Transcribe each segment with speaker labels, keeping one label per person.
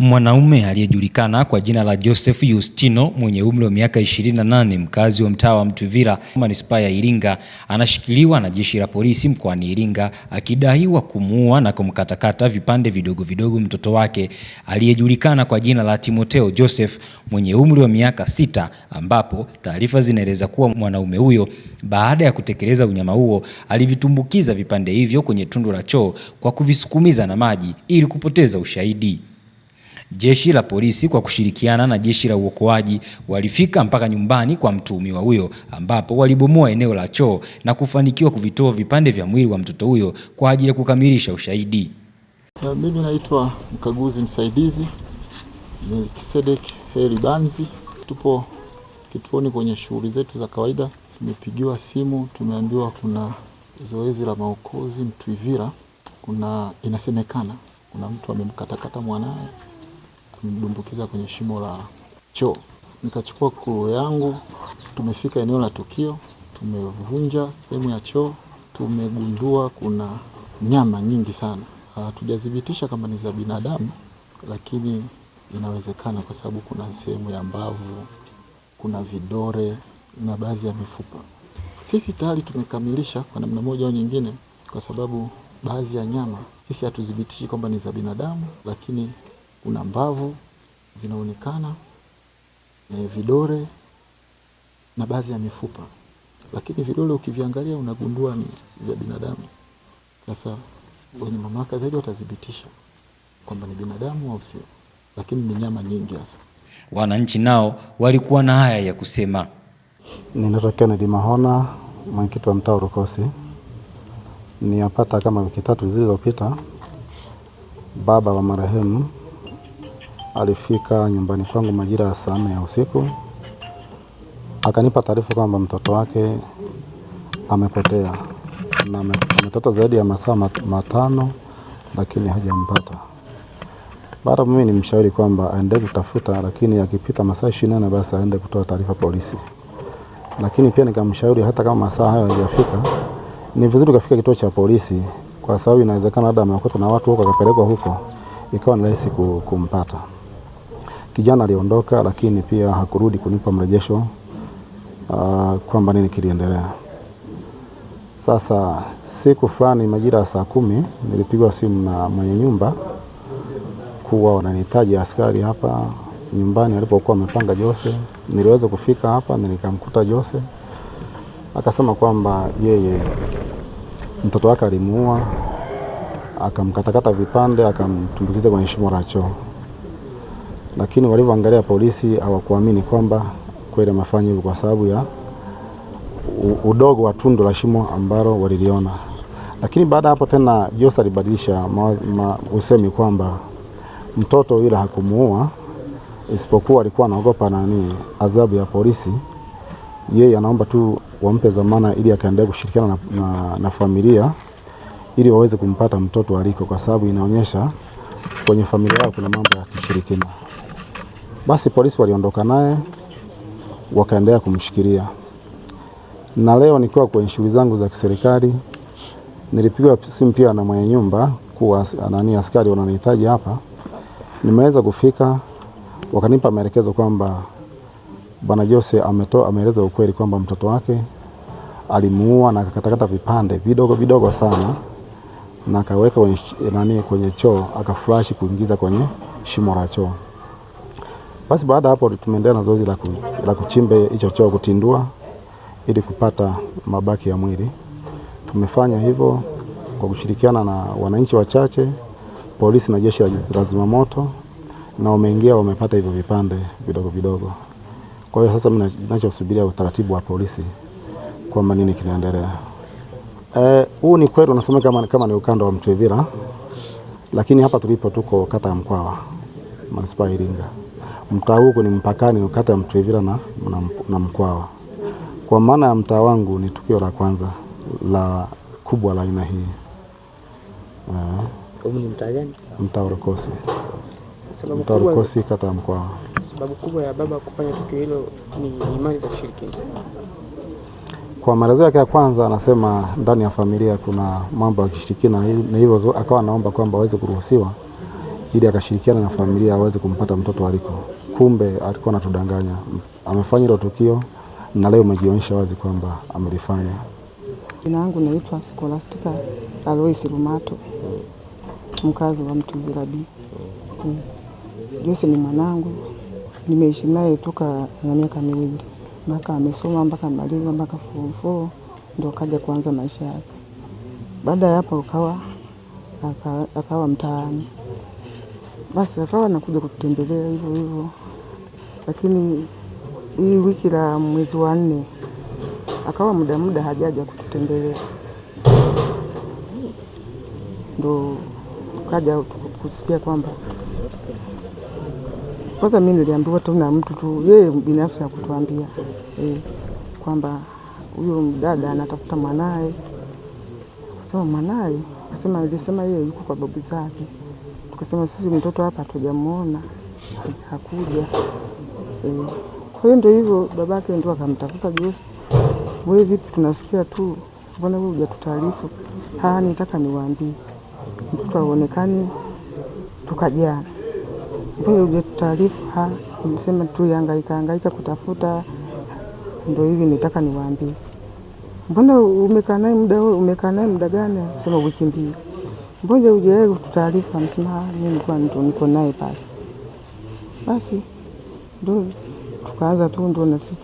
Speaker 1: Mwanaume aliyejulikana kwa jina la Joseph Yustino mwenye umri wa miaka 28 mkazi wa mtaa wa Mtuvira manispaa ya Iringa anashikiliwa na jeshi la polisi mkoani Iringa akidaiwa kumuua na kumkatakata vipande vidogo vidogo mtoto wake aliyejulikana kwa jina la timoteo Joseph mwenye umri wa miaka sita, ambapo taarifa zinaeleza kuwa mwanaume huyo baada ya kutekeleza unyama huo alivitumbukiza vipande hivyo kwenye tundu la choo kwa kuvisukumiza na maji ili kupoteza ushahidi. Jeshi la polisi kwa kushirikiana na jeshi la uokoaji walifika mpaka nyumbani kwa mtuhumiwa huyo ambapo walibomoa eneo la choo na kufanikiwa kuvitoa vipande vya mwili wa mtoto huyo kwa ajili ya kukamilisha ushahidi.
Speaker 2: Ya, mimi naitwa mkaguzi msaidizi Melkisedek Heri Banzi. Tupo kituoni kwenye shughuli zetu za kawaida. Tumepigiwa simu, tumeambiwa kuna zoezi la maokozi Mtwivira, kuna inasemekana kuna mtu amemkatakata mwanaye kunidumbukiza kwenye shimo la choo. Nikachukua kolo yangu, tumefika eneo la tukio, tumevunja sehemu ya choo, tumegundua kuna nyama nyingi sana. Ah, hatujathibitisha kama ni za binadamu, lakini inawezekana kwa sababu kuna sehemu ya mbavu, kuna vidore na baadhi ya mifupa. Sisi tayari tumekamilisha kwa namna moja au nyingine, kwa sababu baadhi ya nyama sisi hatudhibitishi kwamba ni za binadamu, lakini kuna mbavu zinaonekana e, vidole na baadhi ya mifupa, lakini vidole ukiviangalia unagundua ni vya binadamu. Sasa wenye mamlaka zaidi watathibitisha kwamba ni binadamu au sio, lakini ni nyama nyingi. Hasa
Speaker 1: wananchi nao walikuwa na haya ya kusema.
Speaker 3: Ninaitwa Kennedy Mahona, mwenyekiti wa mtaa ni Niyapata kama wiki tatu zilizopita, baba wa marehemu alifika nyumbani kwangu majira ya saa nne ya usiku akanipa taarifa kwamba mtoto wake amepotea na ametota zaidi ya masaa matano, lakini hajampata. Baada mimi mshauri kwamba aende kutafuta, lakini akipita masaa ishirini na nne basi aende kutoa taarifa polisi. Lakini pia nikamshauri hata kama masaa hayo hayajafika, ni vizuri kafika kituo cha polisi, kwa sababu inawezekana labda ameokotwa na watu huko akapelekwa huko, ikawa ni rahisi kumpata. Kijana aliondoka, lakini pia hakurudi kunipa mrejesho uh, kwamba nini kiliendelea. Sasa siku fulani majira ya saa kumi nilipigwa simu na mwenye nyumba kuwa wananihitaji askari hapa nyumbani alipokuwa amepanga Jose. Niliweza kufika hapa nikamkuta Jose, akasema kwamba yeye mtoto wake alimuua, akamkatakata vipande, akamtumbukiza kwenye shimo la choo lakini walivyoangalia polisi hawakuamini kwamba kweli amefanya hivyo kwa sababu ya udogo wa tundu la shimo ambalo waliliona. Lakini baada hapo tena Jose alibadilisha usemi kwamba mtoto yule hakumuua, isipokuwa alikuwa anaogopa nani adhabu ya polisi. Yeye anaomba tu wampe dhamana ili akaendelee kushirikiana na, na, na familia ili waweze kumpata mtoto aliko, kwa sababu inaonyesha kwenye familia yao kuna mambo ya kishirikina. Basi polisi waliondoka naye wakaendelea kumshikilia, na leo nikiwa kwenye shughuli zangu za kiserikali nilipigwa simu pia na mwenye nyumba kuwa anani askari wananihitaji hapa. Nimeweza kufika, wakanipa maelekezo kwamba bwana Jose ametoa ameeleza ukweli kwamba mtoto wake alimuua na akakatakata vipande vidogo vidogo sana na akaweka kwenye, nani kwenye choo akafurashi kuingiza kwenye shimo la choo. Basi baada hapo tumeendelea na zoezi la kuchimba hicho choo kutindua ili kupata mabaki ya mwili. Tumefanya hivyo kwa kushirikiana na wananchi wachache, polisi na jeshi la zimamoto, na wameingia wamepata hivyo vipande vidogo vidogo. Kwa hiyo sasa mimi ninachosubiria utaratibu wa polisi kwamba nini kinaendelea. Eh, huu ni kweli unasema kama, kama ni ukanda wa Mtwevira, lakini hapa tulipo tuko kata ya Mkwawa, manispaa ya Iringa. Mtaa huu ni mpakani kata ya Mtwevira na, na, na Mkwawa. Kwa maana ya mtaa wangu ni tukio la kwanza la kubwa la aina hii
Speaker 4: eh,
Speaker 3: mtaa Urokosi, mtaa Urokosi, kata ya Mkwawa.
Speaker 4: Sababu kubwa ya baba kufanya tukio hilo ni imani za kishirikina
Speaker 3: kwa maelezo yake ya kwanza, anasema ndani ya familia kuna mambo ya kishirikina, na hivyo akawa anaomba kwamba aweze kuruhusiwa ili akashirikiana na familia aweze kumpata mtoto aliko. Kumbe alikuwa anatudanganya, amefanya hilo tukio na leo umejionyesha wazi kwamba amelifanya.
Speaker 5: Jina langu naitwa Scholastica Alois rumato mkazi wa Mtuvila B. Hmm. Jose ni mwanangu, nimeishi naye toka na miaka miwili mpaka amesoma mpaka maliza mpaka form four ndio kaja kuanza maisha yake. Baada ya hapo akawa akawa, mtaani, basi akawa nakuja kututembelea hivyo hivyo, lakini hii wiki la mwezi wa nne akawa muda muda hajaja kututembelea, ndo kaja kusikia kwamba kwanza mimi niliambiwa tu na mtu tu yeye binafsi akutuambia e, kwamba huyo mdada anatafuta mwanaye. Kasema mwanaye, akasema ilisema yeye yuko kwa babu zake. Tukasema sisi mtoto hapa hatujamuona, hakuja e. Kwa hiyo ndio hivyo, babake ndio akamtafuta Jose. Wewe vipi, tunasikia tu, mbona wewe hujatutaarifu? Haa, nitaka niwaambie mtoto aonekani tukajana Mbona hujatutaarifa? Nisema tu hangaika hangaika kutafuta, ndo hivi nitaka niwaambie. Mbona umekaa naye muda wote? Umekaa naye muda gani? Sema wiki mbili. Mbona hujawahi kututaarifa? Msema ah, mimi nilikuwa niko naye pale. Basi ndo tukaanza tu, ndo na sisi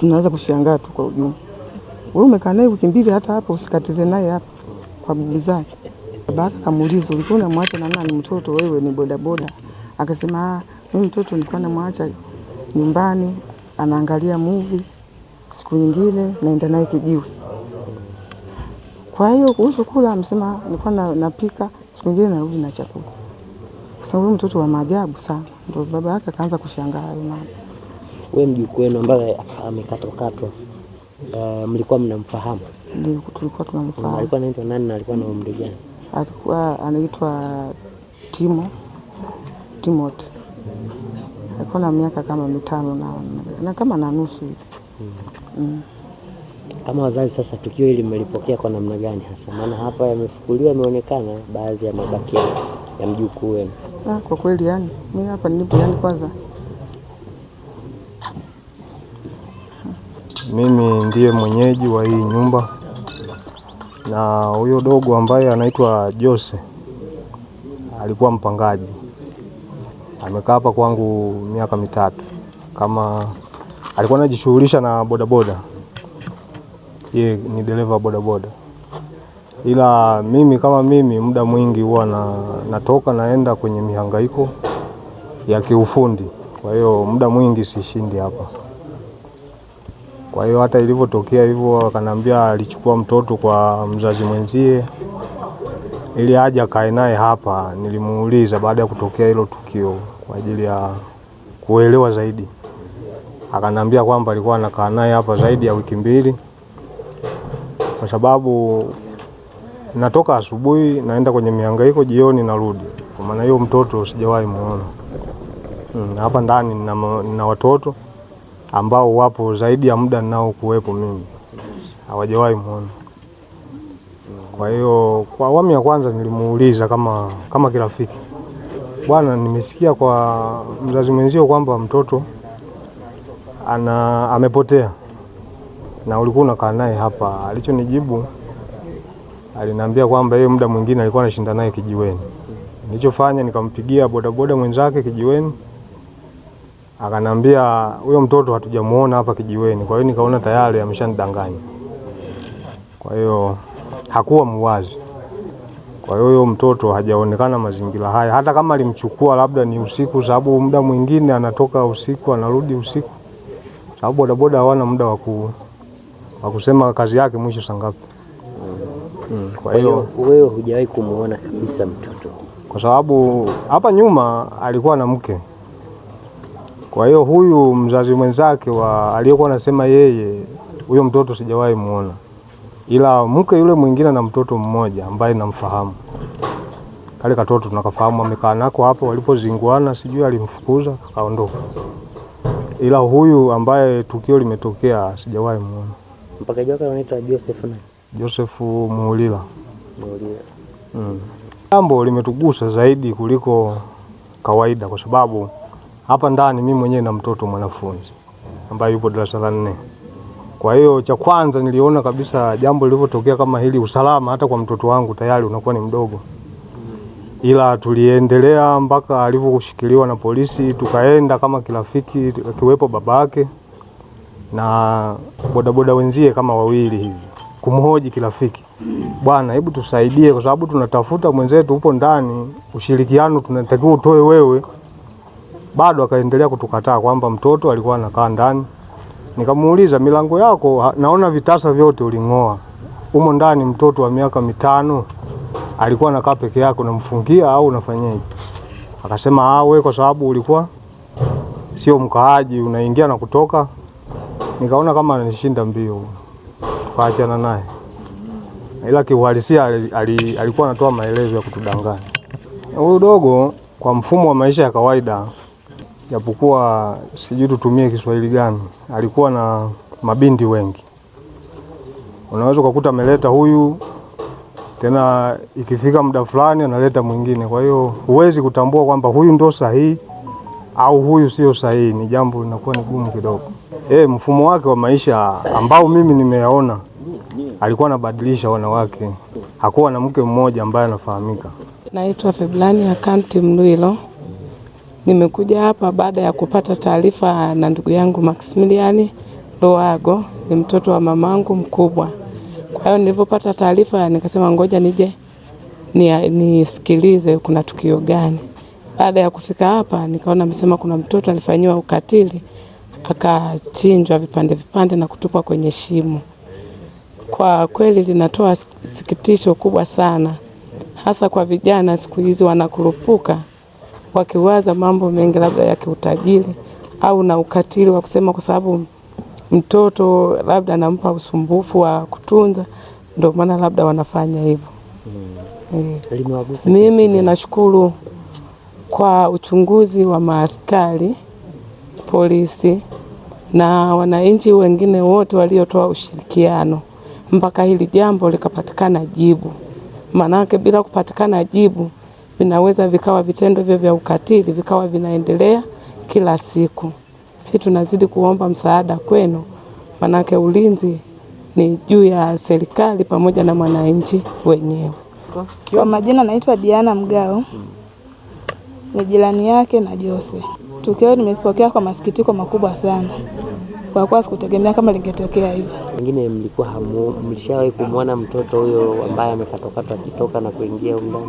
Speaker 5: tunaanza kushangaa tu kwa ujumla. Wewe umekaa naye wiki mbili, hata hapo usikatize naye hapa kwa bibi zake. Baba akamuuliza ulikuwa unamwacha na nani mtoto? Wewe ni bodaboda akasema huyu mtoto nilikuwa namwacha nyumbani anaangalia movie, siku nyingine naenda naye kijiwe. Kwa hiyo kuhusu kula, amesema nilikuwa na, napika siku nyingine narudi na chakula. Kwa huyu mtoto wa maajabu sana, ndo baba yake akaanza kushangaa hayo mama,
Speaker 4: we mjukuu wenu ambaye amekatwakatwa, uh, mlikuwa mnamfahamu?
Speaker 5: Ndio, tulikuwa tunamfahamu. Alikuwa
Speaker 4: anaitwa nani na alikuwa na umri gani?
Speaker 5: Alikuwa anaitwa Timo. Timothy alikuwa na miaka kama mitano na, na kama na nusu hivi mm.
Speaker 4: Kama wazazi sasa, tukio hili mmelipokea kwa namna gani hasa? Maana hapa yamefukuliwa, yameonekana baadhi ya mabaki ya mjukuu wenu.
Speaker 5: Ah, kwa kweli yani mimi hapa nilipo yani kwanza
Speaker 6: mimi ndiye mwenyeji wa hii nyumba na huyo dogo ambaye anaitwa Jose alikuwa mpangaji amekaa hapa kwangu miaka mitatu, kama alikuwa anajishughulisha na bodaboda, yeye ni dereva bodaboda, ila mimi kama mimi, muda mwingi huwa na, natoka naenda kwenye mihangaiko ya kiufundi, kwa hiyo muda mwingi sishindi hapa. Kwa hiyo hata ilivyotokea hivyo, akaniambia alichukua mtoto kwa mzazi mwenzie ili aje akae naye hapa. Nilimuuliza baada ya kutokea hilo tukio kwa ajili ya kuelewa zaidi, akaniambia kwamba alikuwa anakaa naye hapa zaidi ya wiki mbili, kwa sababu natoka asubuhi naenda kwenye mihangaiko, jioni narudi. Kwa maana hiyo mtoto sijawahi muona. Hmm, hapa ndani nina watoto ambao wapo zaidi ya muda ninao kuwepo mimi, hawajawahi muona. Kwa hiyo kwa awamu ya kwanza nilimuuliza kama, kama kirafiki, bwana, nimesikia kwa mzazi mwenzio kwamba mtoto ana amepotea na ulikuwa unakaa naye hapa. Alichonijibu, aliniambia kwamba yeye muda mwingine alikuwa anashinda naye kijiweni. Nilichofanya nikampigia bodaboda mwenzake kijiweni, akanambia huyo mtoto hatujamuona hapa kijiweni. Kwa hiyo nikaona tayari ameshanidanganya, kwa hiyo hakuwa muwazi. Kwa hiyo huyo mtoto hajaonekana mazingira haya, hata kama alimchukua labda ni usiku, sababu muda mwingine anatoka usiku anarudi usiku, sababu bodaboda hawana muda wa kusema kazi yake mwisho saa ngapi.
Speaker 4: Kwa hiyo wewe hujawahi kumuona kabisa mtoto?
Speaker 6: Kwa sababu hapa nyuma alikuwa na mke. Kwa hiyo huyu mzazi mwenzake wa aliyekuwa anasema yeye, huyo mtoto sijawahi muona ila mke yule mwingine na mtoto mmoja ambaye namfahamu. Kale katoto tunakafahamu, amekaa nako hapo, walipozinguana sijui alimfukuza akaondoka, ila huyu ambaye tukio limetokea sijawahi muona
Speaker 4: mpaka joka. Anaitwa Joseph nani?
Speaker 6: Joseph Muulila. Muulila. Mm. Jambo limetugusa zaidi kuliko kawaida kwa sababu hapa ndani mimi mwenyewe na mtoto mwanafunzi ambaye yupo darasa la nne. Kwa hiyo cha kwanza niliona kabisa jambo lilivyotokea kama hili, usalama hata kwa mtoto wangu tayari unakuwa ni mdogo, ila tuliendelea mpaka alivyoshikiliwa na polisi, tukaenda kama kirafiki, akiwepo babake na bodaboda wenzie kama wawili hivi, kumhoji kirafiki, bwana, hebu tusaidie kwa sababu tunatafuta mwenzetu, upo ndani, ushirikiano tunatakiwa utoe wewe. Bado akaendelea kutukataa kwamba mtoto alikuwa anakaa ndani Nikamuuliza, milango yako naona vitasa vyote uling'oa, umo ndani mtoto wa miaka mitano alikuwa nakaa peke yako, namfungia au unafanyaje? Akasema awe, ah, kwa sababu ulikuwa sio mkaaji, unaingia na kutoka. Nikaona kama ananishinda mbio, tukaachana naye, ila kiuhalisia alikuwa anatoa maelezo ya kutudanganya. Huyu dogo kwa mfumo wa maisha ya kawaida japokuwa sijui tutumie Kiswahili gani, alikuwa na mabinti wengi. Unaweza ukakuta ameleta huyu tena, ikifika muda fulani analeta mwingine. Kwa hiyo huwezi kutambua kwamba huyu ndo sahihi au huyu sio sahihi, ni jambo linakuwa ni gumu kidogo. E, mfumo wake wa maisha ambao mimi nimeyaona, alikuwa anabadilisha wanawake, hakuwa na mke mmoja ambaye anafahamika.
Speaker 7: Naitwa Feblani Akanti Mnuilo. Nimekuja hapa baada ya kupata taarifa na ndugu yangu Maximilian Loago, ni mtoto wa mamangu mkubwa. Kwa hiyo nilipopata taarifa nikasema ngoja nije nisikilize ni kuna tukio gani. Baada ya kufika hapa nikaona amesema kuna mtoto alifanyiwa ukatili akachinjwa vipande vipande na kutupwa kwenye shimo. Kwa kweli linatoa sikitisho kubwa sana, hasa kwa vijana siku hizi wanakurupuka wakiwaza mambo mengi labda ya kiutajiri au na ukatili wa kusema, kwa sababu mtoto labda anampa usumbufu wa kutunza, ndio maana labda wanafanya hivyo. Hmm. E, mimi ninashukuru kwa uchunguzi wa maaskari polisi na wananchi wengine wote waliotoa ushirikiano mpaka hili jambo likapatikana jibu. Manake bila kupatikana jibu vinaweza vikawa vitendo hivyo vya ukatili vikawa vinaendelea kila siku. Sisi tunazidi kuomba msaada kwenu, manake ulinzi ni juu ya serikali pamoja na mwananchi wenyewe.
Speaker 8: Kwa majina naitwa Diana Mgao, ni jirani yake na Jose. Tukio nimepokea kwa masikitiko makubwa sana kwa kwa sikutegemea kama lingetokea hivyo.
Speaker 4: Wengine mlikuwa hamu mlishawahi kumwona mtoto huyo ambaye amekatokatwa akitoka na kuingia huko ndani?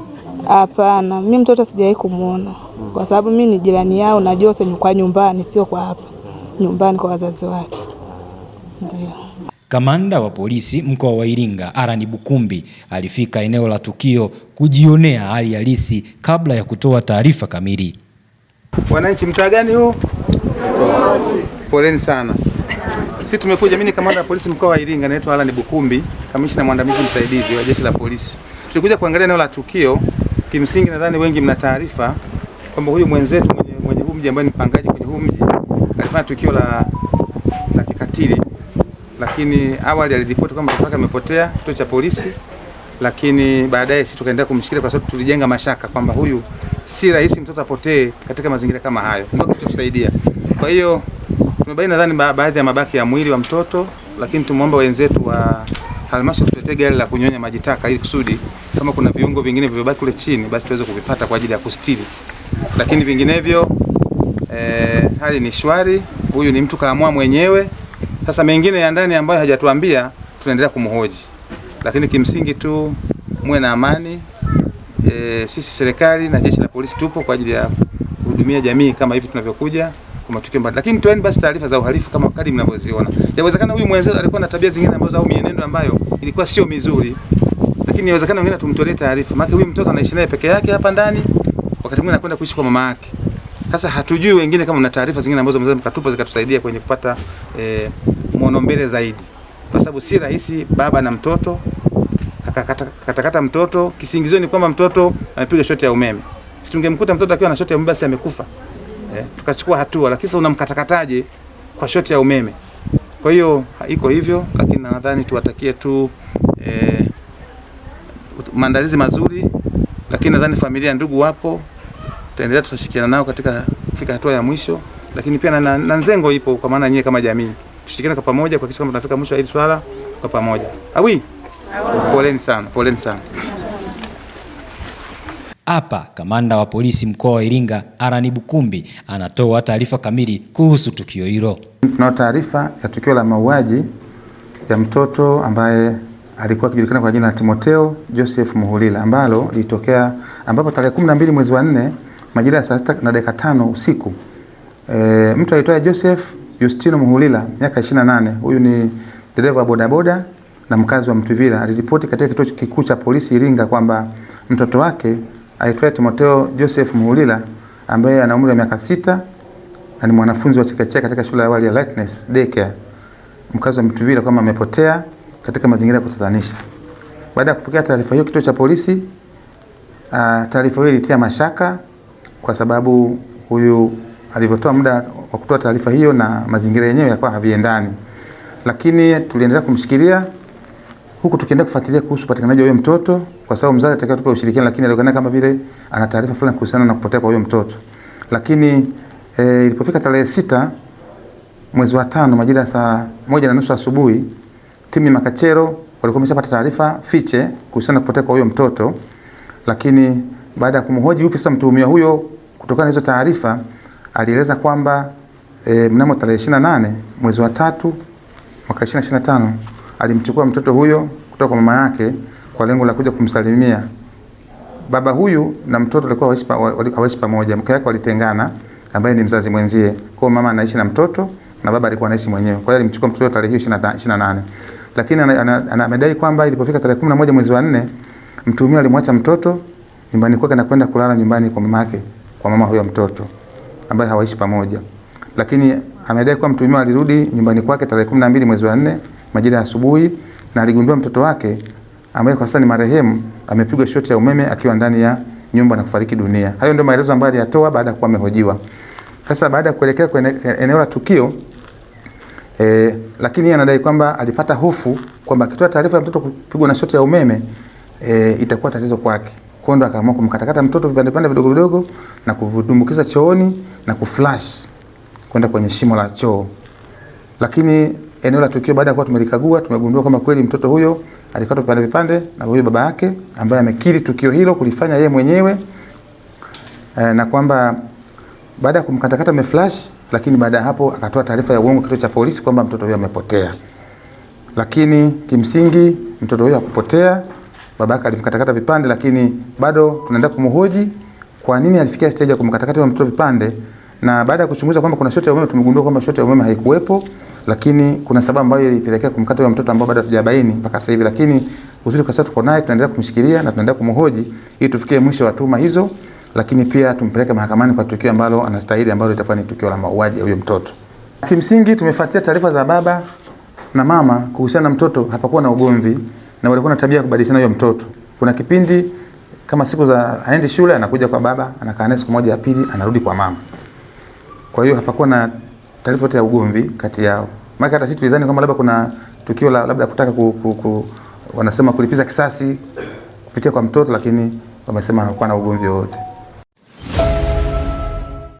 Speaker 8: Hapana, mi mtoto sijawahi kumwona hmm. kwa sababu mi ni jirani yao, ni kwa nyumbani, sio kwa hapa mm. nyumbani, kwa wazazi wake
Speaker 1: ndio. Kamanda wa polisi mkoa wa Iringa Arani Bukumbi alifika eneo la tukio kujionea hali halisi kabla ya kutoa taarifa kamili.
Speaker 9: Wananchi, mtaa gani huu? Poleni sana. Sisi tumekuja, mimi ni kamanda wa polisi mkoa wa Iringa, naitwa Alan Bukumbi, kamishna mwandamizi msaidizi wa jeshi la polisi. Tulikuja kuangalia eneo la tukio. Kimsingi nadhani wengi mna taarifa kwamba huyu mwenzetu mwenye, mwenye huu mji ambaye ni mpangaji kwenye huu mji alifanya tukio la, la kikatili, lakini awali aliripoti kwamba mtoto wake amepotea kituo cha polisi, lakini baadaye sisi tukaendelea kumshikilia kwa sababu tulijenga mashaka kwamba huyu si rahisi mtoto apotee katika mazingira kama hayo, ndio kitusaidia. Kwa hiyo Tumebaini nadhani baadhi ya mabaki ya mwili wa mtoto, lakini tumwomba wenzetu wa halmashauri tuletee gari la kunyonya maji taka ili kusudi kama kuna viungo vingine vilivyobaki kule chini basi tuweze kuvipata kwa ajili ya kustiri, lakini vinginevyo eh, hali ni shwari. Huyu ni mtu kaamua mwenyewe. Sasa mengine ya ndani ambayo hajatuambia tunaendelea kumhoji, lakini kimsingi tu muwe na amani. E, sisi serikali na jeshi la polisi tupo kwa ajili ya kuhudumia jamii kama hivi tunavyokuja kwa matukio mbalimbali, lakini toeni basi taarifa za uhalifu kama kadri mnavyoziona. Inawezekana huyu mwenzetu alikuwa na tabia zingine ambazo au mienendo ambayo ilikuwa sio mizuri, lakini inawezekana wengine tumtolee taarifa, maana huyu mtoto anaishi naye peke yake hapa ndani, wakati mwingine anakwenda kuishi kwa mama yake. Sasa hatujui wengine kama mna taarifa zingine ambazo mnaweza mkatupa zikatusaidia kwenye kupata eh, mwono mbele zaidi, kwa sababu si rahisi baba na mtoto akakatakata kata mtoto, kisingizio ni kwamba mtoto amepiga shoti ya umeme. Situngemkuta mtoto akiwa na shoti ya umeme basi amekufa eh, tukachukua hatua, lakini sasa unamkatakataje kwa shoti ya umeme? Kwa hiyo iko hivyo, lakini nadhani tuwatakie tu eh, maandalizi mazuri, lakini nadhani familia, ndugu wapo, tutaendelea tutashirikiana nao katika kufika hatua ya mwisho, lakini pia na, na Nzengo ipo, kwa maana nyie kama jamii tushirikiane kwa pamoja kuhakikisha kwamba tunafika mwisho wa hili swala kwa pamoja. Awi, poleni sana, poleni sana.
Speaker 1: Hapa kamanda wa polisi mkoa wa Iringa Arani Bukumbi anatoa taarifa kamili kuhusu tukio hilo.
Speaker 9: Tunao taarifa ya tukio la mauaji ya mtoto ambaye alikuwa akijulikana kwa jina la Timoteo Joseph Muhulila ambalo lilitokea ambapo tarehe 12 mwezi wa 4 majira ya saa sita na dakika tano usiku e, mtu aitwaye Joseph Justino Muhulila miaka 28, huyu ni dereva wa bodaboda na mkazi wa Mtuvila aliripoti katika kituo kikuu cha polisi Iringa kwamba mtoto wake aitwaye Timotheo Joseph Muhulila ambaye ana umri wa miaka sita na ni mwanafunzi wa chekechea katika shule ya awali ya Lightness Daycare mkazi wa Mtuvila kwamba amepotea katika mazingira ya kutatanisha. Baada ya kupokea taarifa hiyo kituo cha polisi, ah, taarifa hiyo ilitia mashaka kwa sababu huyu alivyotoa muda wa kutoa taarifa hiyo na mazingira yenyewe yakawa haviendani, lakini tuliendelea kumshikilia huku tukienda kufuatilia kuhusu upatikanaji wa huyo mtoto, kwa sababu mzazi atakiwa tupe ushirikiano, lakini alionekana kama vile ana taarifa fulani kuhusiana na kupotea kwa huyo mtoto. Lakini e, ilipofika tarehe sita mwezi wa tano majira ya saa moja na nusu asubuhi timu ya Makachero walikuwa wameshapata taarifa fiche kuhusiana na kupotea kwa huyo mtoto, lakini baada ya kumhoji yupi sasa mtuhumiwa huyo, kutokana na hizo taarifa alieleza kwamba e, mnamo tarehe 28 mwezi wa tatu mwaka 2025 alimchukua mtoto huyo kutoka kwa mama yake kwa lengo la kuja kumsalimia. Baba huyu na mtoto walikuwa hawaishi pamoja, mke wake walitengana, ambaye ni mzazi mwenzie. Kwa hiyo mama anaishi na mtoto na baba alikuwa anaishi mwenyewe. Kwa hiyo alimchukua mtoto tarehe hiyo 28. Lakini anamedai kwamba ilipofika tarehe 11 mwezi wa 4 mtuhumiwa alimwacha mtoto nyumbani kwake na kwenda kulala nyumbani kwa mama yake, kwa mama huyo mtoto ambaye hawaishi pamoja. Lakini amedai kwa mtuhumiwa alirudi nyumbani kwake tarehe 12 mwezi wa 4 majira ya asubuhi, na aligundua mtoto wake ambaye kwa sasa ni marehemu amepigwa shoti ya umeme akiwa ndani ya nyumba na kufariki dunia. Hayo ndio maelezo ambayo aliyatoa baada ya kuwa amehojiwa. Sasa baada ya kuelekea kwenye eneo la tukio e, lakini anadai kwamba alipata hofu kwamba akitoa taarifa ya mtoto kupigwa na shoti ya umeme e, itakuwa tatizo kwake. Kwa hiyo akaamua kumkatakata mtoto vipande vipande vidogo vidogo na kudumbukiza chooni na kuflash kwenda kwenye shimo la choo. Lakini eneo la tukio baada ya kuwa tumelikagua, tumegundua kwamba kweli mtoto huyo alikatwa vipande vipande na huyo baba yake ambaye amekiri tukio hilo kulifanya yeye mwenyewe e, na kwamba baada ya kumkatakata ameflash, lakini baada ya hapo akatoa taarifa ya uongo kituo cha polisi kwamba mtoto huyo amepotea. Lakini kimsingi mtoto huyo hakupotea, baba yake alimkatakata vipande, lakini bado tunaenda kumhoji kwa nini alifikia stage ya kumkatakata mtoto vipande, na baada ya kuchunguza kwamba kuna shoti ya umeme, tumegundua kwamba shoti ya umeme haikuwepo lakini kuna sababu ambayo ilipelekea kumkata huyo mtoto ambao bado hatujabaini mpaka sasa hivi, lakini uzuri kwa sasa tuko naye, tunaendelea kumshikilia na tunaendelea kumhoji ili tufikie mwisho wa tuma hizo, lakini pia tumpeleke mahakamani kwa tukio ambalo anastahili, ambalo litakuwa ni tukio la mauaji ya huyo mtoto. Kimsingi tumefuatia taarifa za baba na mama kuhusiana na mtoto, hapakuwa na ugomvi na walikuwa na tabia ya kubadilishana huyo mtoto. Kuna kipindi kama siku za aende shule, anakuja kwa baba, anakaa naye siku moja ya pili, anarudi kwa mama. Kwa hiyo hapakuwa na taarifa yote ya ugomvi kati yao. Maana hata sisi tulidhani kwamba labda kuna tukio la labda kutaka ku, ku, ku, wanasema kulipiza kisasi kupitia kwa mtoto, lakini wamesema hakuwa na ugomvi wowote.